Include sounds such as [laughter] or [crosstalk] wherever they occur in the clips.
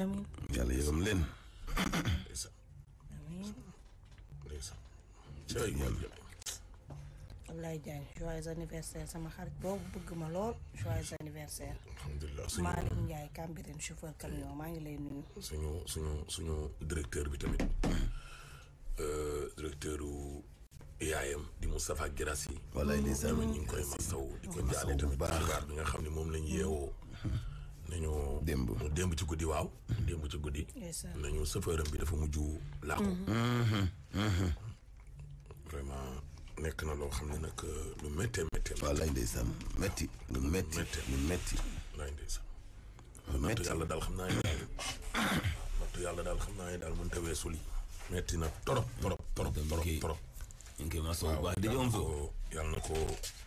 amiin yàlla yërëm leen. amiin. Ablaye Diagne joyeux anniversaire sama xarit boobu bëgg ma lool joyeux anniversaire. alhamdulilah suñu Malick Ndiaye Cambérène chauffeur camion maa ngi lay nuyu. suñu suñu suñu directeur bi tamit euh, directeur wu yaayam di Moustapha Guirassi. walaay ndeysaan ñu ngi koy masaw di ko jaale tamit xibaar bi nga xam ne moom lañ yeewoo. nañu démb démb ci guddi waaw mm-hmm. démb ci guddi nañu sëfëram bi dafa mujj làqu mm-hmm. Mm-hmm. vraiment nekk na loo xam ne nag euh, lu méttee méttee waaw lay ndeysaan métti lu metti lu métti lay ndeysaan nattu yàlla daal xam naa ne daal [coughs] yàlla daal xam naa ne daal mënta weesu metti métti na torop torop torop torop torop ñu yàlla na ko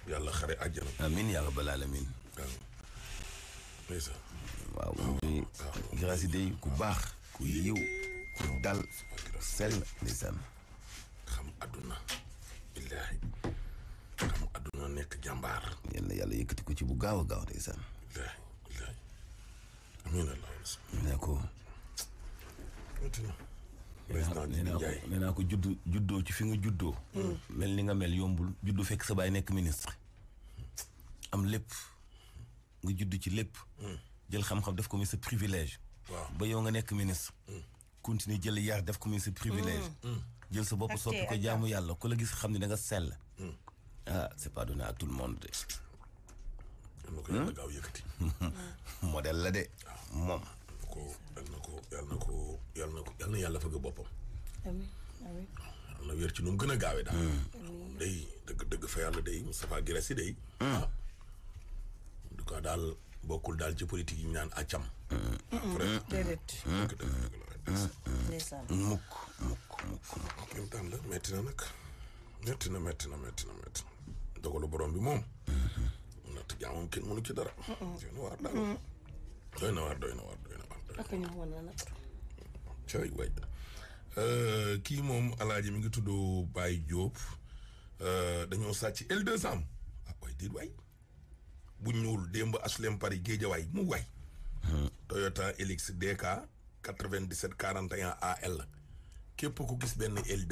yàlla xare àjjana amiin yaa rabbal aalamiin waaw muy Grace Dey ku baax ku yiw ku dal sell ndeysaan xam xam adduna nekk jàmbaar yal yàlla yëkkati ko ci bu gaaw a gaaw ndeysaan billaahi ko nee naa ko juddu juddoo ci fi nga juddoo mm. mel ni nga mel yombul juddu fekk sa baay nekk ministre am lépp nga judd ci lépp. Hmm. jël xam-xam def ko muy sa privilège. ba yow nga nekk ministre. Hmm. continuer jël yar def ko muy sa privilège. Hmm. jël sa bopp soppi ko jaamu yàlla ku la gis xam ni da nga sell. ah c'est pas donné à tout le monde de. [laughs] la de ah. moom. yal ko yal na ko yal na ko yal na yàlla fëgg boppam. amiin amiin. am a dëgg dëgg fa yàlla day Moustapha Guirassy day. ah daal bokkul daal ci politique yi ñu naan àccam. vraiment mm-hmm. déedéet. mukk mukk mukk. kéem taan la métti na nag métti na métti na métti na métti na dogalu borom bi moom. Mm-hmm. natt jaamam kenn mënu ci dara. Mm-hmm. doy na waar daal. doy na waar doy na waar doy na waar. ak ñu woon na natt. cay waay euh, kii moom alaaji mi ngi tudd Baye Diop euh, dañoo sàcc L200 ah waay déet waay. bu ñuul démb HLM Paris Guédiawaye mu waay. Hmm. Toyota Hilux DK 97 41 AL képp ku gis benn l